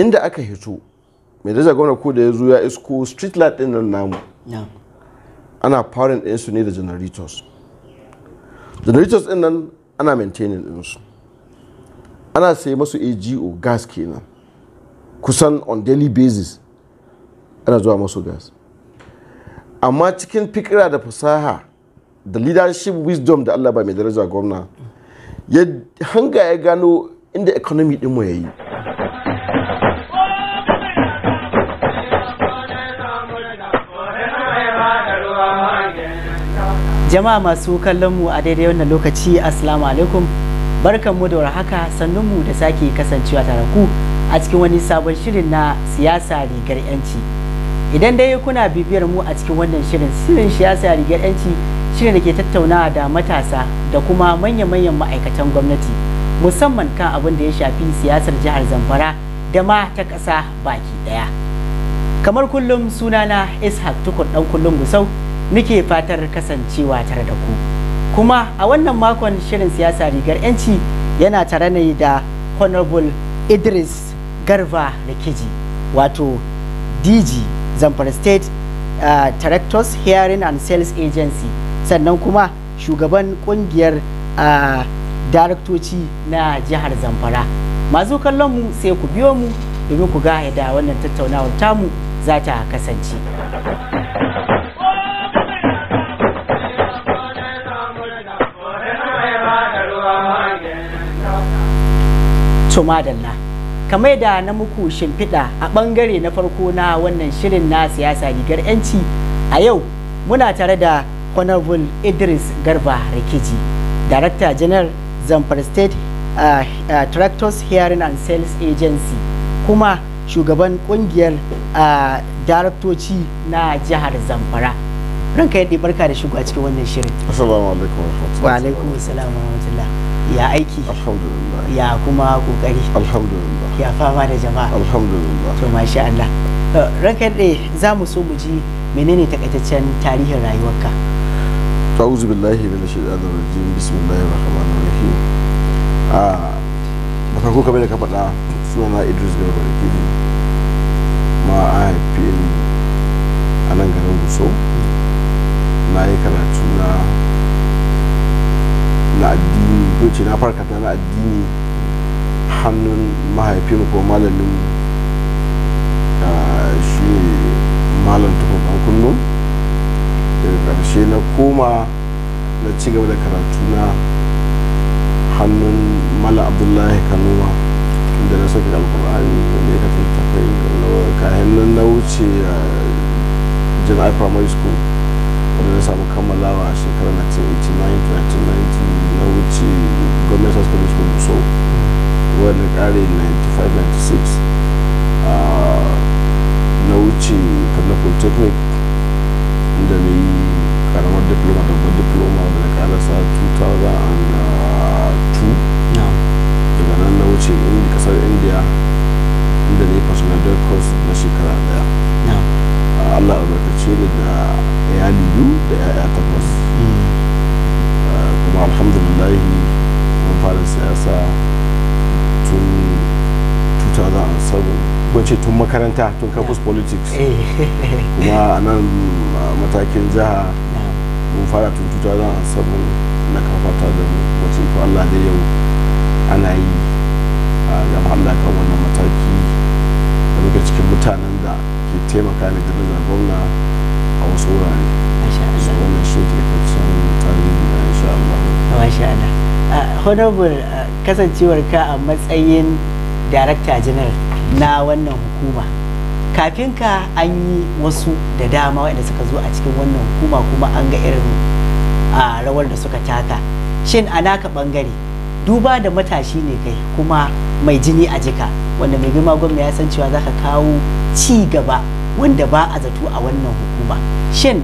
inda aka hito mai daja gwamna ko da ya zo ya isko street light din nan namu ana farin din su ne da generators generators din nan ana maintaining din su ana sai masu AGO gas kenan kusan on daily basis ana zuwa masu gas amma cikin fikira da fasaha da leadership wisdom da Allah ba mai daraja gwamna ya hanga ya gano inda economy din mu ya yi. jama'a masu kallon mu a daidai wannan lokaci assalamu alaikum barkanmu da warhaka sannunmu da sake kasancewa tare ku a cikin wani sabon shirin na siyasa rigar yanci idan dai kuna bibiyar mu a cikin wannan shirin shirin siyasa rigar yanci shirin da ke tattaunawa da matasa da kuma manya-manyan ma'aikatan gwamnati musamman kan abin da ya shafi siyasar jihar zamfara da ma ta ƙasa baki ɗaya kamar kullum sunana ishaq tukur ɗan kullum gusau muke fatar kasancewa tare da ku kuma a wannan makon shirin siyasa rigar yanci yana tare ne da honorable idris garba rikiji wato dg zamfara state uh, directors hearing and sales agency sannan kuma shugaban kungiyar uh, daraktoci na jihar zamfara masu kallon mu sai ku biyo mu domin ku ga yadda wannan tattaunawar tamu za ta kasance su madalla kamar da na muku shimfiɗa a ɓangare na farko na wannan shirin na siyasa rigar 'yanci a yau muna tare da honorable idris garba rikici director general zamfara state tractors hearing and sales agency kuma shugaban kungiyar uh, daraktoci na jihar zamfara ranka yadda barka da shigo a cikin wannan shirin assalamu alaikum wa alaikum wa rahmatullah ya aiki alhamdulillah ya kuma kokari alhamdulillah ya fama da jama'a alhamdulillah to masha Allah ranka dai za mu so mu ji menene takaitaccen tarihin rayuwarka a'udhu billahi minash shaitanir rajim bismillahir rahmanir rahim ah, a baka ko kamar da ka faɗa sunana Idris Garba Rakiri ma a haifi a nan garin Guso na yi karatu na na addini ko ce na farkata na addini hannun mahaifin ko malamin shi malam tukun dan kullum daga karshe na koma na ci gaba da karatu na hannun mala abdullahi kanuwa inda na sauke alkur'ani wanda ya kafin tafai kayan nan na wuce jana'i primary school wanda na samu kammalawa a shekarar 1989 1990 na wuce government hospital school so wadda kare 95-96 a na wuce kaduna polytechnic inda na yi karamar diploma da babban diploma da na karasa 2002 uh, daga nan na wuce inda kasar india inda na yi personal course na shekara daya allah albarkace ni da ya liyu da 'ya'ya takwas mm. kuma alhamdulillahi mun fara siyasa tun 2007 wace tun makaranta tun campus politics eh. kuma a nan matakin jiha mun fara tun 2007 na kafata da wace ko allah da yau ana yi a gama allah kan wannan mataki da muka cikin mutanen da ke taimaka ne da na a wasu wurare wannan shi ne masha uh, honorable uh, kasancewar ka a matsayin director general na wannan hukuma kafin ka an yi wasu da dama waɗanda suka zo a cikin wannan hukuma kuma an ga irin a uh, rawar da suka taka shin a naka bangare duba da matashi ne kai kuma mai jini a jika wanda mai girma gwamna ya san cewa za ka kawo ci gaba wanda ba a zato a wannan hukuma shin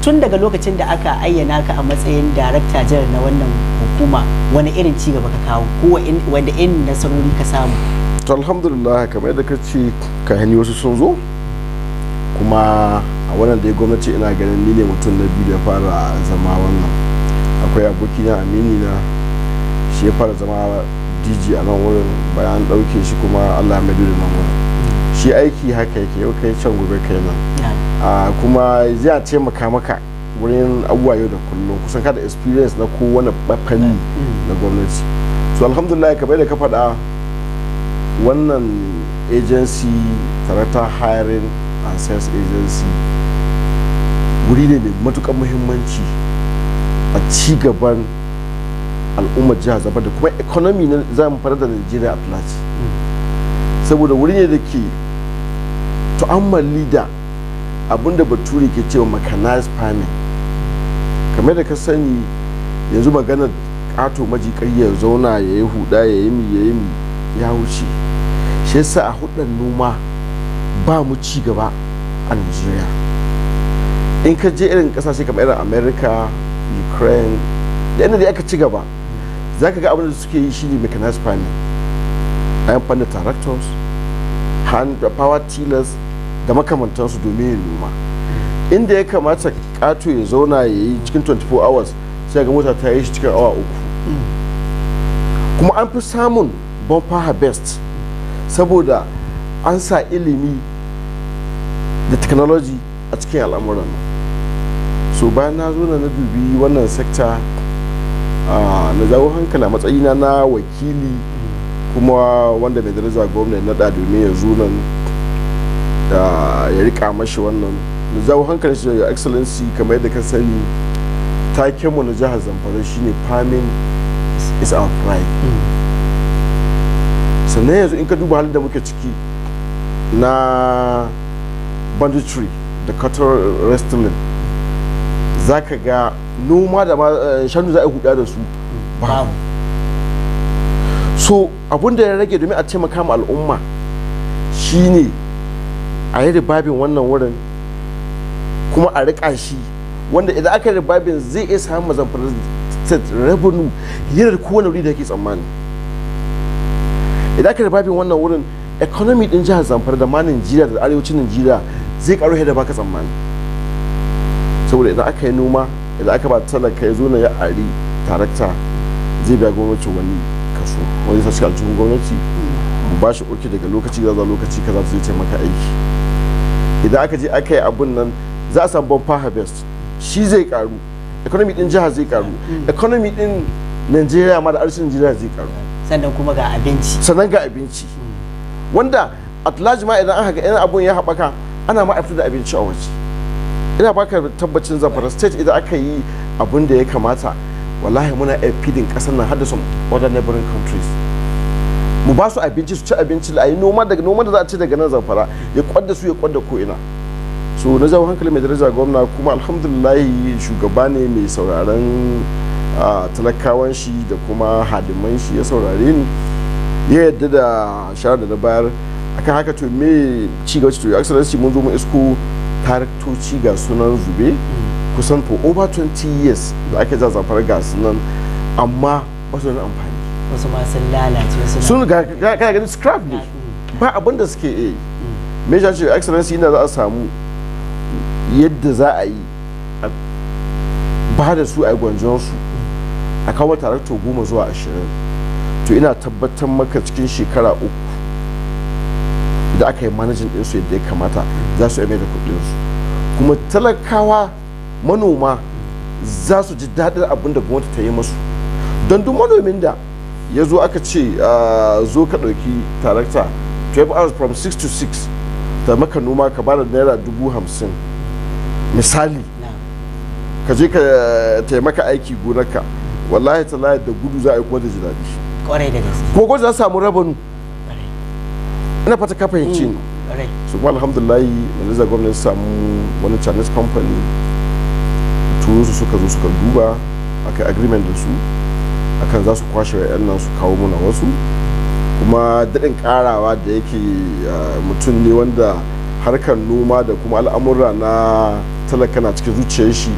tun daga lokacin da aka ayyana ka a matsayin darakta jiran na wannan hukuma wani irin ci gaba ka kawo ko wanda in nasarori ka samu to alhamdulillah kamar yadda ka ce ka hani wasu sun zo kuma a wannan dai gwamnati ina ganin ni ne mutum na biyu da fara zama wannan akwai abokina amini na shi ya fara zama dj a nan wurin bayan ɗauke shi kuma allah mai da nan wurin shi aiki haka yake yau kai can gobe kai nan Ah, kuma zai taimaka makamaka wurin abubuwa yau da kullum kusan kada da experience na kowane bafani mm. na gwamnati so alhamdulillah kamar da ka faɗa wannan agency tarata hiring and sales agency wuri ne mai matuƙar muhimmanci a ci gaban al'ummar jihar zaba da kuma economy na zamu fara da nigeria at large mm. saboda wuri ne da ke tu'ammali da abinda baturi ke cewa mechanized farming kamar da ka sani yanzu maganar kato maji ya zauna ya yi huda ya yi mi ya yi ya wuce shi yasa a hudar noma ba mu ci gaba a nigeria in ka je irin kasashe kamar irin america ukraine da inda da aka ci gaba za ka ga abin da suke yi shine mechanized farming a yan fannin tractors hand power tillers da makamantansu domin yin noma inda ya kamata kato ya zauna ya yi cikin 24 hours sai ga mota ta yi shi cikin awa uku kuma an fi samun bumper harvest saboda an sa ilimi da technology a cikin al'amuran so bayan na zo na dubi wannan sekta na jawo hankali a matsayina na wakili kuma wanda mai daraja gwamnati na da domin yanzu nan da ya rika mashi wannan da zawo hankali shi ga excellency kamar yadda ka sani taken mu na jihar zamfara shine farming is our pride mm. sannan yanzu in ka duba halin da muke ciki na banditry da cattle wrestling za ka ga noma da eh, shanu za a huda da su babu so abun da ya rage domin a taimaka ma al'umma shine a yi ribabin wannan wurin kuma a riƙa shi wanda idan aka yi ribabin zai iya samun zamfara state revenue yadda kowane wuri da yake tsammani idan aka yi ribabin wannan wurin economy din jihar zamfara da ma nigeria da arewacin nigeria zai karo yadda baka tsammani saboda idan aka yi noma idan aka ba talaka ya zo na ya ari tarakta zai biya gwamnati wani kaso wani sashi cikin gwamnati ba shi oke daga lokaci zuwa lokaci kaza zai taimaka aiki idan aka je aka yi abun nan za a samu bumper harvest shi zai karu economy din jihar zai karu mm. economy din Najeriya ma da arzikin Najeriya zai karu sannan kuma ga abinci sannan ga abinci mm. wanda at large ma idan aka ga yana abun ya haɓaka ana ma da abinci a waje ina baka tabbacin zamfara state idan aka yi abun da ya kamata wallahi muna feeding kasar nan hadda some other neighboring countries mu ba su abinci su ci abinci a yi noma daga noma da za a ci daga nan zamfara ya kwadda su ya kwadda ko ina so na jawo hankali mai daraja gwamna kuma alhamdulillah shugaba ne mai sauraron talakawan shi da kuma hadiman shi ya saurare ni ya yadda da shara da na bayar akan haka to me ci gaba to your excellency mun zo mu isko taraktoci ga sunan zube kusan for over 20 years da ake za zamfara ga sunan amma ba su amfani wasu ma sun lalace sun kana ganin scrap ne ba abin da suke yi me ya ce excellency inda za a samu yadda za a yi ba da su a gwanjon su a kawo tarakto goma zuwa ashirin to ina tabbatar maka cikin shekara uku da aka yi manajin ɗinsu yadda ya kamata za su yi da kuɗinsu kuma talakawa manoma za su ji daɗin abin da gwamnati ta yi masu don duk manomin da ya zo aka ce ah, zo ka ɗauki tarakta 12 hours from 6 to 6 ta maka noma ka bada naira dubu hamsin misali ka je ka taimaka aiki gonarka wallahi layar da gudu za a yi kuma da ji daɗi kuma gwada za samu rabanu ina fata ka fahimci ni mm, su kuma alhamdulahi manazar gwamnati samu wani chinese company turu su suka zo suka duba aka agreement da su akan za su kwashe wa'yan nan su kawo muna wasu kuma daɗin ƙarawa da yake mutum ne wanda harkar noma da kuma al'amura na talaka na cikin zuciyar shi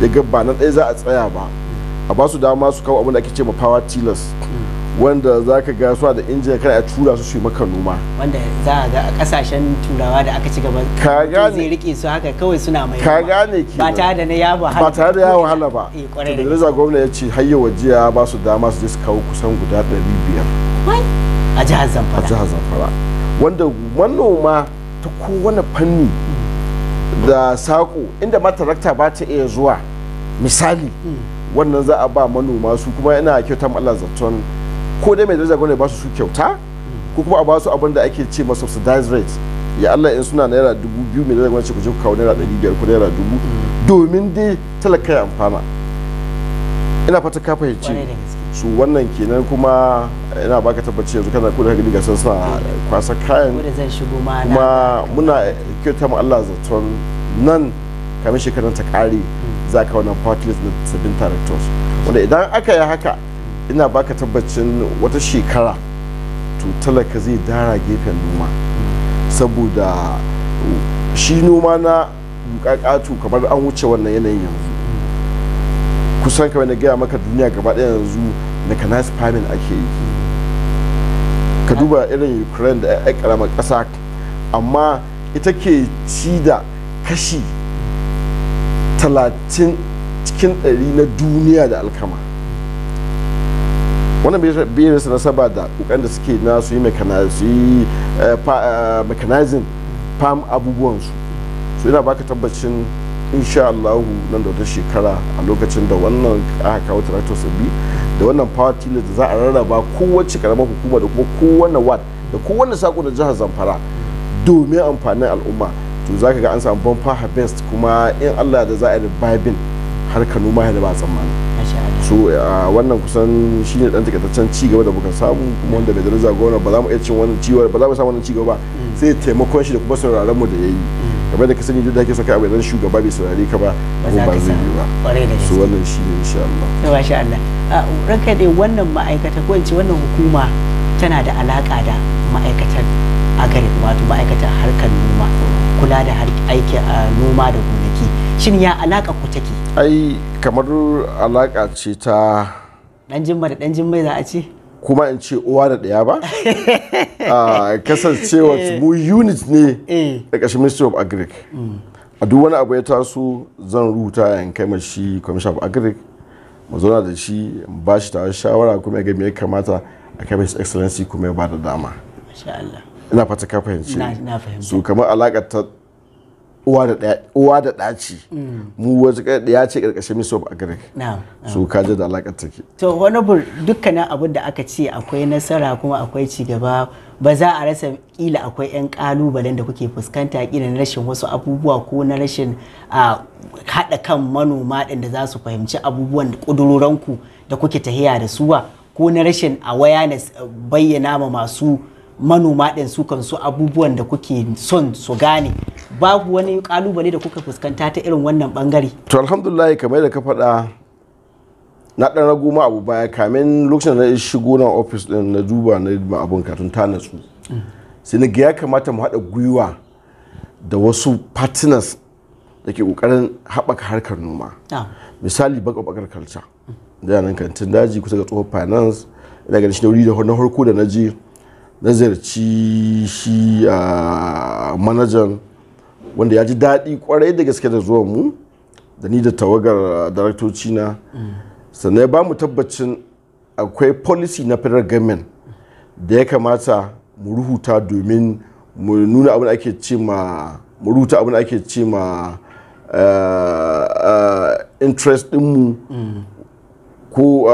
ya ga ba na ɗaya za a tsaya ba a ba su dama su kawo abin da ake ce ma power tillers wanda za ka ga suwa da injin kana a tura su shi maka noma wanda za a ga a kasashen turawa da aka ci gaba ka gane rike su haka kawai suna mai ka gane ki ba tare da na ya wahala ba tare da yabo hala ba eh, da Reza gwamna ya ce hayya waje ya ba su dama su je su kawo kusan guda 500 a jihar Zamfara a jihar Zamfara wanda manoma ta kowane fanni da sako inda ma tarakta ba ta iya zuwa misali mm. wannan za a ba manoma su kuma ina kyautar Allah zaton ko dai mai daraja gwamnati ba su su kyauta ko kuma a ba su abin da ake ce masa subsidized rate ya Allah in suna naira dubu biyu mai daraja gwamnati ku je ku kawo naira ɗari biyar ko naira dubu domin dai talaka ya amfana ina fata ka fahimci su wannan kenan kuma ina baka tabbaci yanzu kana ko da gani gasar sa kwasa kayan kuma muna kyauta mu Allah zaton nan kamar shekaran ta kare za ka wannan partlist na sabbin directors wanda idan aka yi haka ina baka tabbacin wata shekara to talaka zai dara gefen noma saboda shi noma na bukakatu kamar an wuce wannan yanayin yanzu kusan kamar na gaya maka duniya gaba ɗaya yanzu na kanas famin ake yi ka duba irin ukraine da ya karama ƙasa amma ita ke ci da kashi talatin cikin 100 na duniya da alkama wannan bai rasa nasaba da kokarin da suke na su yi mechanizing eh, eh, farm abubuwansu su ina baka tabbacin insha Allahu nan da wata shekara a lokacin da wannan aka kawo tractor sabbi da wannan power tiller da za a rarraba kowace karamar hukuma da kuma kowane ward da kowane sako da jihar Zamfara domin amfanin al'umma to zaka ga an samu bumper harvest kuma in Allah da za a yi babin harkar noma ya da ba tsammani so a wannan kusan shine dan takaitaccen ci gaba da muka samu kuma wanda bai daraja gona ba za mu iya cin wannan ci ba za mu samu wannan ci gaba mm. sai taimakon shi da kuma sauraron mu da yayi mm. kamar da ka sani duk da ake saka abin idan shugaba bai saurare ka ba abun ba zai yi ba so wannan shi ne insha Allah to masha Allah ranka dai wannan ma'aikata ko ince wannan hukuma tana da alaka da ma'aikatan agari wato ma'aikatan harkar noma kula da aikin noma da gona shin ya alaka ku take ai kamar alaka ce ta dan jimma da dan jimmai za a ce kuma in ce uwa da daya ba ah, kasancewa eh. mu unit ne da eh. kashi ministry of agric mm. a duk wani abu ya taso zan ruta in kai shi commission of agric mu zauna da shi ba shi ta shawara kuma ga me ya kamata a kai his excellency kuma ya ba da dama ina fata ka fahimci su kamar alaƙar uwa da ɗaci mm. mu wasu ya ce ƙarƙashin miss a agric su kaje da alaƙar take to wani bur dukkanin abin da aka ce akwai nasara kuma akwai cigaba gaba ba za a rasa kila akwai 'yan kalubalen da kuke fuskanta kila na rashin wasu abubuwa ko na rashin haɗa kan manoma ɗin da za su fahimci abubuwan ƙuduroranku da kuke tahiya da suwa ko na rashin awareness bayyana ma masu manoma ɗin su kan su abubuwan da kuke son su gane babu wani kalubale da kuka fuskanta ta irin wannan bangare to alhamdulillah kamar da ka faɗa na ɗan ragu ma abu baya kamin lokacin da na shigo na ofis ɗin na duba na ma abun katun ta natsu mm. sai na ga ya kamata mu haɗa gwiwa da wasu partners da ke ƙoƙarin haɓaka harkar noma ah. misali baka bakar kalca da yanan kantin daji kusa ga tsohon finance ina ganin shi da wuri da na harko da na je na nazarci shi a manajan wanda ya ji daɗi kwarai da gaske da zuwan mu da ni da tawagar daraktoci na sannan ya ba mu tabbacin akwai policy na federal government da ya kamata mu rubuta domin mu nuna abin ake ce ma mu rubuta abin ake ce ma interest mu mm. ko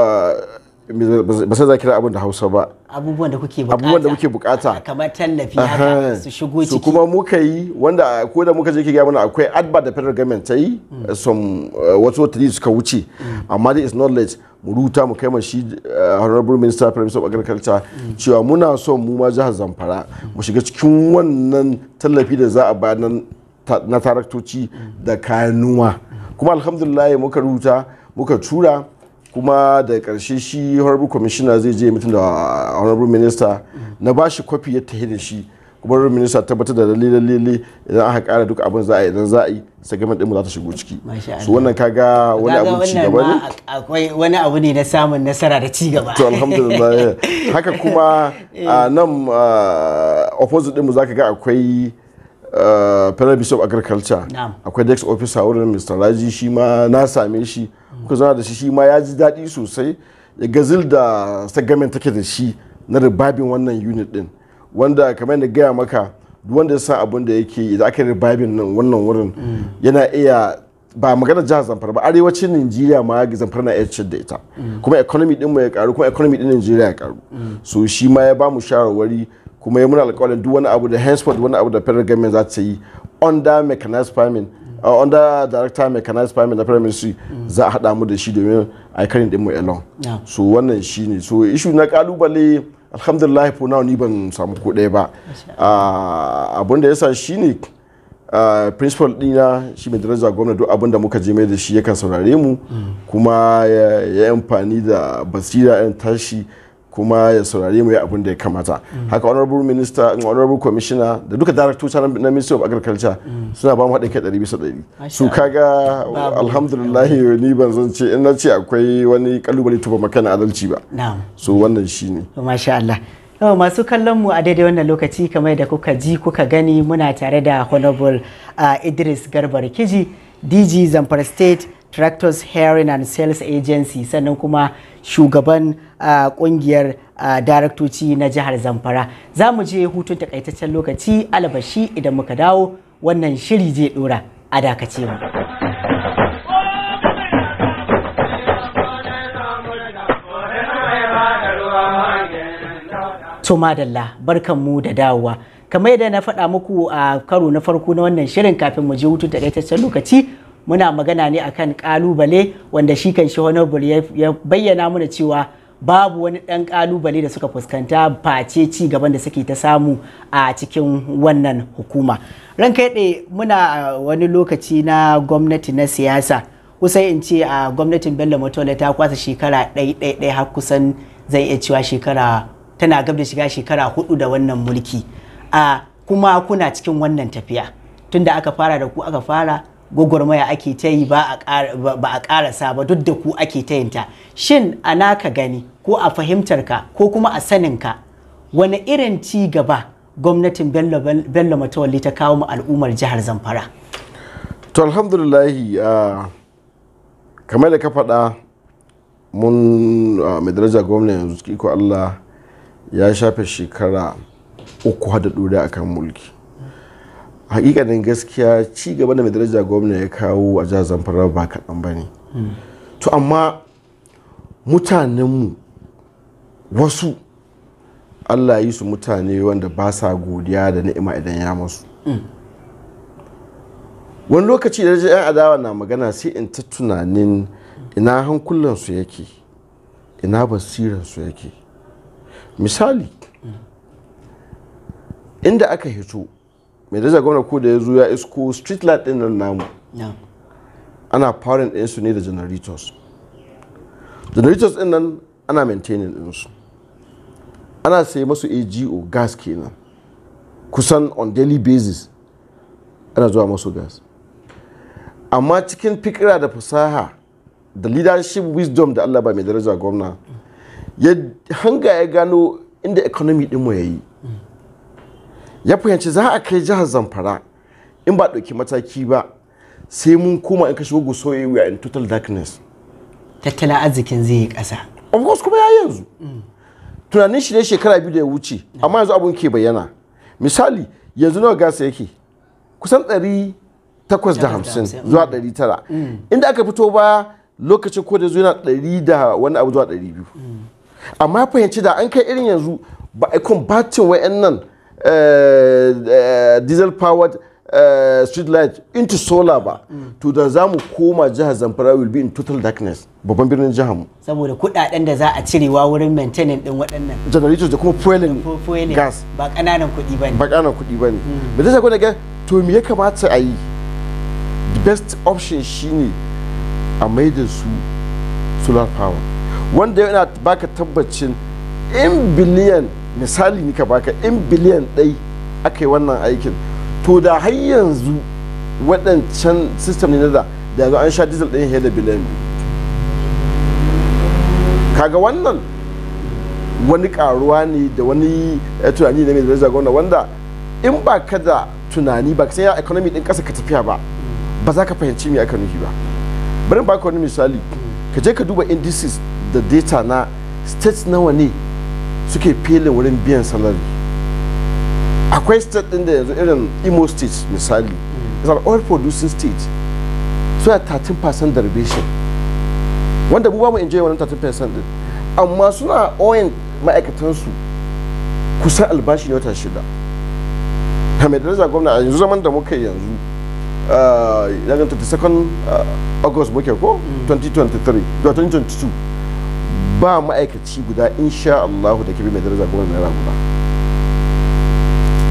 ba sai za kira abin da hausa ba abubuwan da kuke bukata abubuwan da kuke bukata kamar tallafi haka su shigo ciki kuma muka yi wanda ko da muka je ke gaya mana akwai adba da federal government ta yi mm. eh, some eh, wasu watanni suka wuce mm. amma dai is not late mu ruta mu kai shi eh, honorable minister prime minister of agriculture mm. cewa muna son mu ma jihar zamfara mu shiga cikin wannan tallafi da za a bayar na taraktoci da kayan noma kuma alhamdulillah muka ruta muka tura kuma da karshe shi honorable commissioner zai je mutum da honorable minister na ba shi kwafi ya ta da shi kuma honorable minister tabbatar da lalle lalle idan aka kara duk abin za a yi idan za a yi gama ɗin mu za ta shigo ciki so wannan kaga wani abu ci gaba ne akwai wani abu ne na samun nasara da ci gaba to alhamdulillah haka kuma eh. a nan opposite ɗin mu ka ga akwai federal bishop agriculture akwai dex officer wurin mr laji shi ma na same shi kuka zauna da shi shi ma ya ji daɗi sosai ya gazil da sagamen take da shi na ribabin wannan unit din wanda kamar da gaya maka wanda ya sa abin da yake idan aka ribabin nan wannan wurin yana iya ba magana jihar zamfara ba arewacin nigeria ma zamfara na iya da ita kuma economy din mu ya karu kuma economy din nigeria ya karu so shi ma ya ba mu shawarwari kuma ya muna alƙawarin duk wani abu da henceforth wani abu da federal government za ta yi under mechanized farming Uh, under director mechanized payment na ministry za a haɗa mu da shi domin a yi karin mu elon so wannan shi ne so ishu na kalubale alhamdulillah for now ni ban samu ko ɗaya ba uh, abin da yasa shi ne uh, principal dina shi mai daraja gwamna duk abin da muka je mai da shi yakan saurare mu mm. kuma ya yi amfani da basira irin tashi kuma ya saurari mu ya abin da ya kamata haka honorable minister honorable commissioner da duka director na ministry of agriculture suna ba mu haɗin kai ɗari bisa ɗari su kaga alhamdulillah ni ban zan ce in na ce akwai wani kalubale tuba makana adalci ba so wannan shine masha Allah yawa masu kallon mu a daidai wannan lokaci kamar da kuka ji kuka gani muna tare da honorable uh, idris garba rikiji dg zamfara state tractors hearing and sales agency sannan kuma shugaban ah, kungiyar ah, daraktoci na jihar zamfara za mu je hutun takaitaccen lokaci alabashi idan muka dawo wannan shiri je dora a dakace mu to madalla barkan mu da dawowa kamar yadda na faɗa muku a karo na farko na wannan shirin kafin mu je hutun takaitaccen lokaci muna magana ne akan kalubale wanda shi kan shi honorable ya bayyana mana cewa babu wani dan kalubale da suka fuskanta face ci gaban da suke ta samu a cikin wannan hukuma ran kai muna uh, wani lokaci na gwamnati na siyasa kusan in ce a uh, gwamnatin bello motola ta kwasa shekara ɗaiɗaiɗai har kusan zai iya cewa shekara tana gab da shiga shekara hudu da wannan mulki a uh, kuma kuna cikin wannan tafiya tunda aka fara da ku aka fara gwagwarmaya ake ta yi ba a karasa ba duk da ku ake ta yinta shin a naka gani ko a fahimtarka ko kuma a saninka wani irin ci gaba gwamnatin bello matawalli ta kawo mu al'ummar jihar zamfara to alhamdulillah ah, kamar da ka faɗa mun ah, mai daraja gwamna yanzu iko allah ya shafe shekara uku da ɗore kan mulki hakikanin gaskiya ci gaba da mai gwamna ya kawo a jihar zamfara ba kaɗan ba ne hmm. to amma mutanenmu wasu allah yi su mutane wanda ba sa godiya da ni'ima idan ya masu hmm. wani lokaci da yan adawa na magana sai in ta tunanin ina hankulansu yake ina basiransu yake misali hmm. inda aka hito mai daraja gwamna ko da ya zo ya isko street light din nan namu ana parent din su ne da generators generators din nan ana maintaining din su ana sai masu AGO gas kenan kusan on daily basis ana zuwa masu gas amma cikin fikira da fasaha da leadership wisdom da Allah ba mai daraja gwamna ya hanga ya gano inda economy din mu yayi ya fahimci za a kai jihar zamfara in ba ɗauki mataki ba sai mun koma in ka shigo gusoyi we are in total darkness tattalin arzikin zai yi ƙasa of course kuma ya yanzu mm. tunanin shi ne shekara biyu da ya wuce amma yanzu abun ke bayyana misali yanzu nawa gasa yake kusan ɗari takwas da hamsin zuwa mm. ɗari tara mm. inda aka fito ba lokacin ko da zuwa ɗari da wani abu zuwa ɗari biyu amma fahimci da an kai irin yanzu ba a kun bacin wa'yan Eh, eh, diesel powered Uh, eh, street light into solar ba mm. to da za mu koma jihar zamfara will be in total darkness babban birnin jihar mu saboda kudaden da za a cirewa wurin maintenance din waɗannan generators da kuma fueling gas ba kananan kuɗi bane ba kananan kuɗi bane mm. me zai ko daga to me ya kamata a yi the best option shine a maida su solar power wanda yana baka tabbacin in biliyan misali ka baka in biliyan ɗai aka yi wannan aikin to da har yanzu waɗancan system ne na da da yanzu an sha diesel ɗin ya da biliyan kaga wannan wani karuwa ne da wani eh, tunani da mai daraja gwamna wanda in ba ka da tunani ba ka san ya economy din ƙasa ka tafiya ba ba za ka fahimci me aka nufi ba bari ba ka wani misali ka je ka duba indices da data na states nawa ne suke fele wurin biyan salari akwai state din da yanzu irin imo state misali is an oil producing state suna 13% derivation wanda mu ba mu enjoy wannan 13% din amma suna oil ma'aikatansu kusan albashi ne wata shida mai daraja gwamna a yanzu zaman da muka yanzu ah, yanzu 22nd ah, august muke ko 2023 mm. 2022 ba ma'aikaci guda insha Allah da kibi mai daraja goma rabu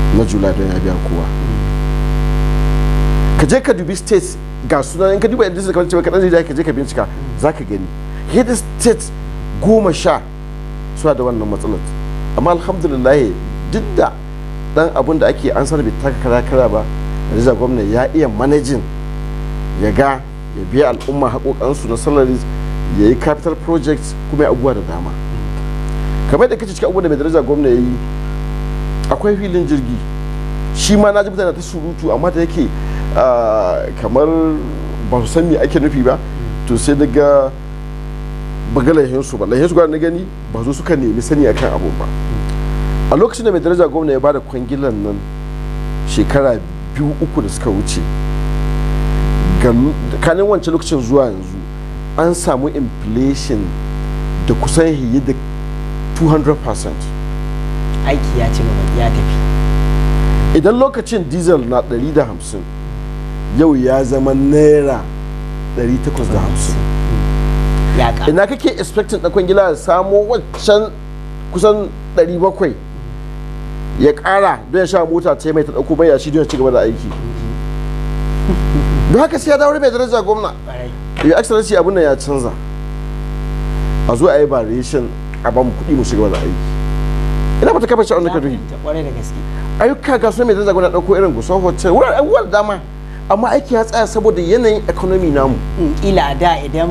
guda na jula don ya biya kowa ka je ka dubi states ga sunan in ka duba yadda suka kamar cewa kaɗan zai ka je ka bincika za ka gani yadda states goma sha suna da wannan matsalar amma alhamdulillah duk da dan abun da ake an sanar bai taka kara kara ba daraja gwamna ya iya manajin ya ga ya biya al'umma haƙoƙansu na salaries ya yi capital projects kuma ya da dama kamar da kace cikin da mai daraja gwamna ya yi akwai filin jirgi shi ma na ji mutane ta surutu amma da yake ah, kamar ba su san me ake nufi ba to sai na ga baga su ba lahiyansu gwamna na gani ba su suka nemi sani akan abu ba a lokacin da mai daraja gwamna ya da kwangilan nan shekara biyu uku da suka wuce kanin wancan lokacin zuwa yanzu an samu inflation da kusan hiye da 200% aiki ya ce ya tafi idan lokacin diesel na 150 yau ya zama naira 850 hmm. ina kake expecting ɗakon gila ya samu waccan kusan 700 ya ƙara don ya sha mota ta mai ta ɗauko bai ya shi don ya ci gaba da aiki don haka sai ya dawo bai daraja gwamna ya excellency abin nan ya canza a zo a yi variation a ba mu kuɗi mu shiga wani aiki ina ba ta kafa shi a wani yi ayyuka ga su mai daraja gwamna ɗauko irin gusan hotel wurin abubuwan dama amma aiki ya tsaya saboda yanayin economy namu mm, ila da idan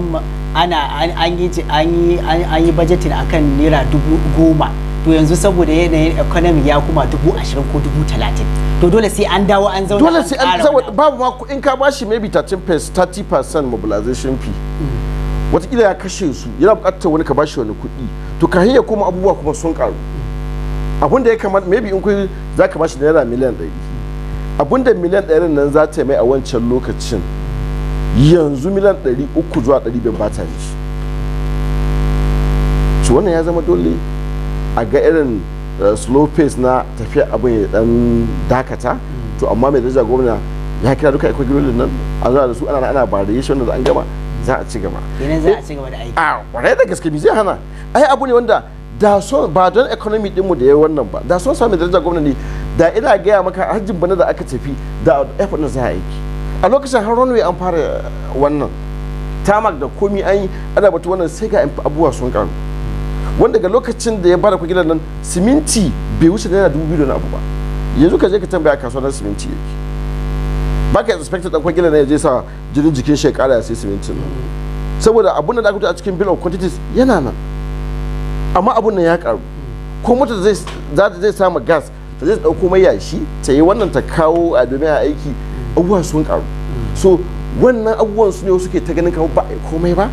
ana an yi an yi budgeting akan naira dubu goma to yanzu saboda yanayin economy ya kuma dubu ashirin ko dubu talatin to dole sai an dawo an zauna dole sai an zauna babu ma in ka bashi maybe 30% mobilization fee watakila ya kashe su yana bukatar wani ka bashi wani kuɗi to ka hanyar kuma abubuwa kuma sun karu abinda ya kamata maybe in kun za ka bashi naira miliyan ɗari abinda miliyan ɗari nan za ta yi mai a wancan lokacin yanzu miliyan ɗari uku zuwa ɗari bai bata ne shi wannan ya zama dole a ga irin Uh, slow pace na tafiya abin ya dan dakata to amma mai daraja gwamna ya kira duka ikogilolin nan a zuwa da su ana ana variation da an gama za a ci gaba kenan za a eh, ci gaba da aiki a kwarai da gaske zai hana ai abu ne wanda da so ba don economy din mu da ya wannan ba da so mai daraja gwamna ne da ina gaya maka hajjin bana da aka tafi da effort na za a aiki a lokacin har runway an fara wannan tamak da komi an yi ana batu wannan sai ga abubuwa sun karu wanda ga lokacin da ya bada gidan nan siminti bai wuce da yana dubu biyu na abu ba yanzu ka je ka tambaya kasuwar siminti yake ba ka inspector dan kwagilar nan ya je sa jirin jikin shekara ya ya sai simintin nan saboda abun da aka a cikin bill of quantities yana nan amma abun nan ya karu ko mota za ta zai samu gas ta zai dauko mai yashi ta yi wannan ta kawo a domin a aiki abubuwan sun karu so wannan abubuwan su ne suke ta ganin kawo ba komai ba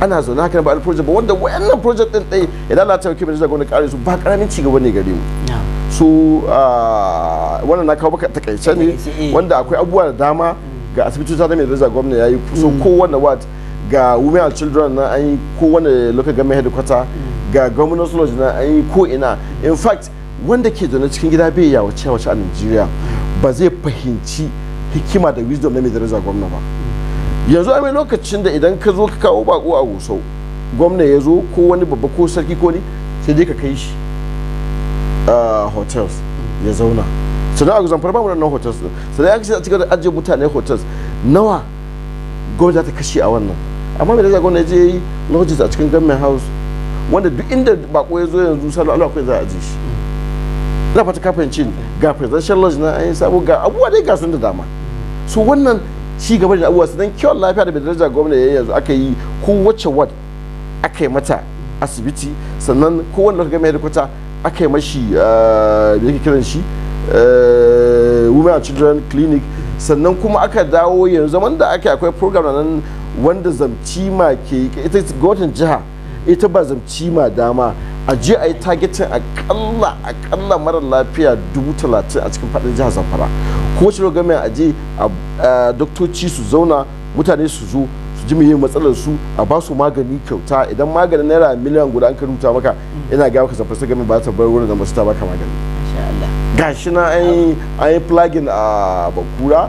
ana zaune haka ba project ba wanda wayannan project din dai idan Allah ta ke mu da gwamnati kare su ba karamin ci gaba ne gare mu so ah, wannan na kawo baka takaice ne eh. wanda akwai abubuwa da dama ga asibitota da mai da gwamnati yayi so mm. kowanne ward ga women and children na an yi kowanne local government headquarters mm. ga governors lodge na an yi ko ina in fact wanda ke zaune cikin gida bai yawace wace a Najeriya ba zai fahimci hikima da wisdom na mai daraja gwamna ba yanzu abin lokacin da idan ka zo ka kawo bako a gusau gwamna ya zo ko wani babba ko sarki ko ni sai dai ka kai shi a hotels ya zauna sannan a guzan farba mu nan hotels din sannan ya kashe a cikin ajiye mutane hotels nawa gwamnati za ta kashe a wannan amma me da gwamnati je yi lodges a cikin government house wanda duk inda bako ya zo yanzu salo Allah akwai za a ji shi ina fata kafin cin ga presidential lodge na an yi sabo ga abubuwa dai ga sun da dama su wannan ci gaba da abubuwa don kiwon lafiya da daraja gwamna ya yanzu aka yi kowace ward aka yi mata asibiti sannan kowane kuka gama da aka yi mashi da eh, yake kiran shi eh, women and children clinic sannan kuma aka dawo yanzu zaman da aka akwai program na nan wanda zamci ma ke ita gwamnatin jiha ita ba zamci ma dama a je a yi targetin akalla akalla mara lafiya dubu talatin a cikin faɗin jihar zamfara ko shi game a je a doktoci su zauna mutane su zo su ji muhimmin matsalar su a ba su magani kyauta idan maganin naira miliyan guda an ka rubuta maka ina ga maka zafar game ba ta bar wurin da masu ta baka magani gashi na an yi plugin a bakura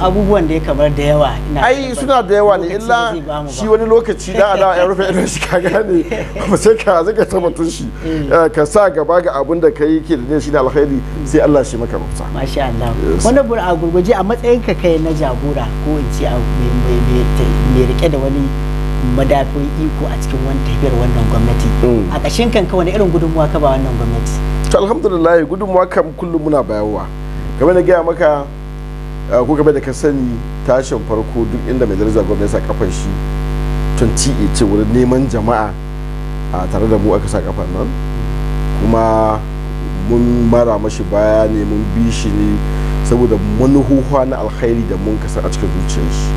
abubuwan da ya kamar da yawa ai suna da yawa ne illa shi wani lokaci da ala a rufe irin shi kaga ne kuma sai ka zaka tabbatun shi mm. eh, ka sa gaba ga abin da kai ke da shi da alkhairi sai Allah shi maka mafita masha Allah wani bur a gurguje a matsayin ka kai na jagora ko in ce mai rike da wani madafin iko a cikin wani tafiyar wannan gwamnati mm. a ƙashin kanka wani irin gudunmuwa ka ba wannan gwamnati to alhamdulillah gudunmuwa kam kullum muna bayarwa game da gaya maka ah, ko game da ka sani tashin farko duk inda mai daraja gwamnati sa kafan shi 2018 wurin neman jama'a a ah, tare da mu aka sa kafan nan kuma mun mara mashi baya ne mun bi shi ne saboda manuhuwa na alkhairi da mun kasar a cikin zuciyar shi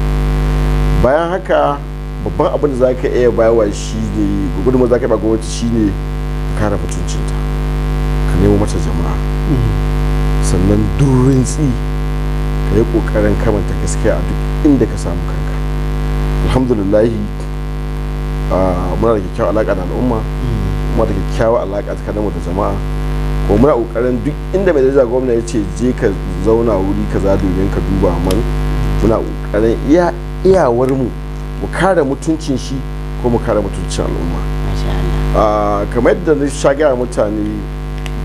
bayan haka babban abin da za ka iya bayarwa shi ne gudunmu za ka yi gwamnati shi ne kare mutuncinta mata jama'a sannan durin tsi ka yi ƙoƙarin kamanta gaskiya a duk inda ka samu kanka alhamdulillahi muna da kyakkyawar alaƙa da al'umma Kuma da kyakkyawar alaƙa tsakaninmu da jama'a ko muna ƙoƙarin duk inda mai daraja gwamna ya ce je ka zauna wuri ka za domin ka duba man muna ƙoƙarin iya iyawarmu mu kare mutuncin shi ko mu kare mutuncin al'umma kamar yadda na shagaya mutane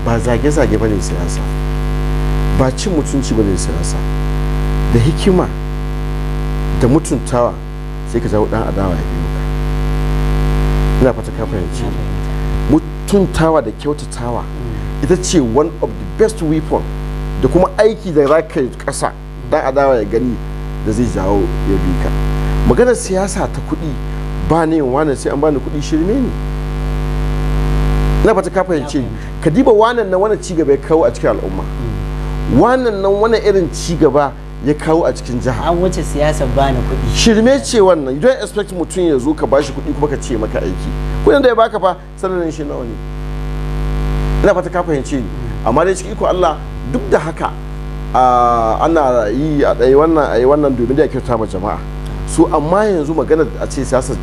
ba zage-zage ba ne siyasa ba cin mutunci ba ne siyasa da hikima da mutuntawa sai ka jawo dan adawa ya biyo ka ina fata ka fahimci mutuntawa da kyautatawa ita ce one of the best weapon da kuma aiki da za ka yi ƙasa dan adawa ya gani da zai jawo ya bi ka maganar siyasa ta kuɗi ba ne wane sai an bani kuɗi shirme ne na fata ka fahimci ka diba wannan nan wani cigaba ya kawo a cikin al'umma wannan nan wani irin cigaba ya kawo a cikin jiha an wuce siyasar na kuɗi shirme ce wannan you don't expect mutum ya zo ka bashi kuɗi kuma ka ce maka aiki kuɗin da ya baka fa sanannen shi nawa ne ina fata ka fahimce ni amma dai cikin iko Allah duk da haka ana yi a ɗaya wannan a yi wannan domin da ya kyauta ma jama'a so amma yanzu magana a ce siyasar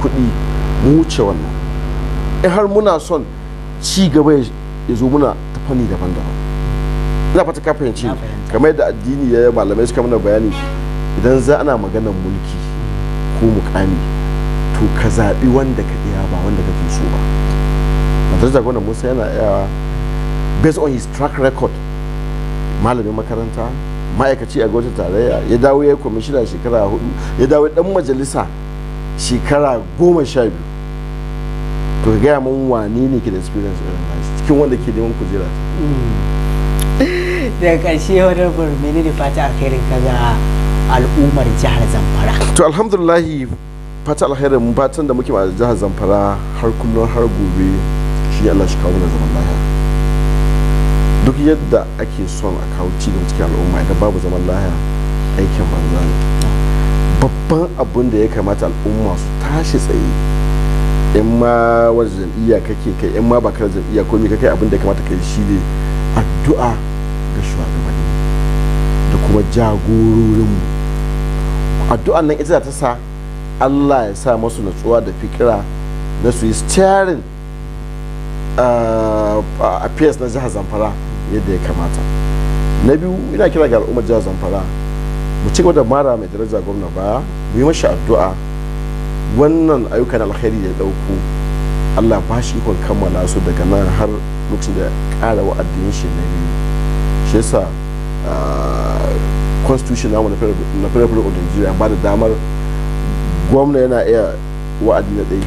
kuɗi mu wuce wannan in har muna son ci gaba ya zo muna ta fanni daban-daban ina fata ka fahimci kamar yadda addini ya yi malamai suka mana bayani idan za ana maganar mulki ko mukami to ka zaɓi wanda ka iya ba wanda ka fi so ba matar jagoran musa yana iya based on his track record malamin makaranta ma'aikaci a gwamnatin tarayya ya dawo ya yi kwamishina shekara hudu ya dawo ɗan majalisa shekara goma sha biyu to gaya mun wani ne ke da experience irin nashi cikin wanda ke neman kujera daga ƙarshe wani burmini da fata alkhairin ka ga al'ummar jihar zamfara to alhamdulillah fata alkhairin fatan da muke a jihar zamfara har kullum har gobe shi Allah shi kawo na zaman lahiya duk yadda ake son a kawo gaba cikin al'umma idan babu zaman lahiya aikin banza ne babban abin da ya kamata al'umma su tashi tsaye in ma wasu jam'iyya kake kai in ma ba ka jam'iyya komi ka kai abin da kamata kai shi ne addu'a ga shugabanni da kuma jagororinmu addu'an nan ita ta sa Allah ya sa masu natsuwa da fikira na su yi steering ah, na jihar zamfara yadda ya kamata na biyu ina kira ga al'ummar jihar zamfara mu ci gaba da mara mai daraja gwamna baya mu yi mashi addu'a wannan ayyukan alkhairi ya dauko Allah ba shi ikon kammala su daga nan har lokacin da ƙara wa'adin shi na biyu shi yasa ah, constitution namu na federal of Nigeria ba da damar gwamna yana iya wa'adi na ɗaya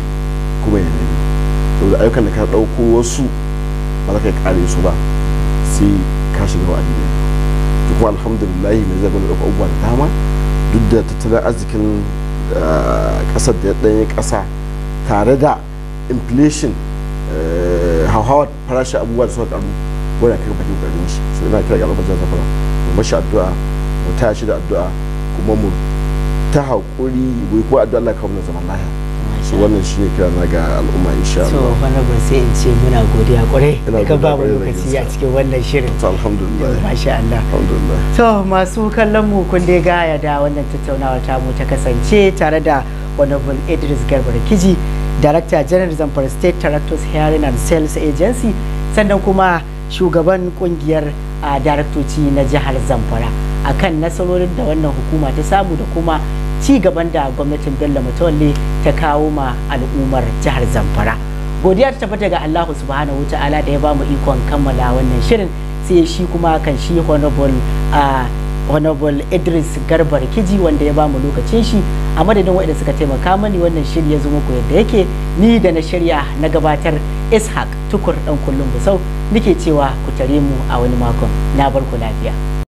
kuma ya nemi saboda ayyukan da ka dauko wasu ba za ka kare su ba sai ka shiga wa'adi na biyu to kuma alhamdulillah mai zaɓin da abubuwa da dama duk da tattalin arzikin kasar da ya kasa tare da inflation eh, hauhawar farashin abubuwa da suka karu wani kai bakin karin shi su yana kira ga almajar zafara mu mashi addu'a mu tashi da addu'a kuma mu ta haƙuri wai yi addu'a Allah kawo mana zaman lahiya su wannan ne kira na ga al'umma insha Allah to wala ba sai in ce muna godiya kwarai ka ba lokaci a cikin wannan shirin to alhamdulillah masha Allah alhamdulillah to masu kallon mu kun dai gaya da wannan tattaunawar ta mu ta kasance tare da honorable Idris Garba Kiji Director General Zamfara State Directors Hearing and Sales Agency sannan kuma shugaban kungiyar a ah, daraktoci na jihar Zamfara akan nasarorin da wannan hukuma ta samu da kuma ci gaban da gwamnatin bello mutawalle ta kawo ma al'ummar jihar zamfara godiya ta tabbata ga allahu subhanahu wa ta'ala da ya ba mu ikon kammala wannan shirin sai shi kuma kan shi honorable a honorable idris Garba kiji wanda ya ba mu lokacin shi a madadin waɗanda suka taimaka mani wannan shirin ya zama yadda yake ni da na shirya na gabatar ishaq tukur dan kullum busau nike cewa ku tare mu a wani makon na barku lafiya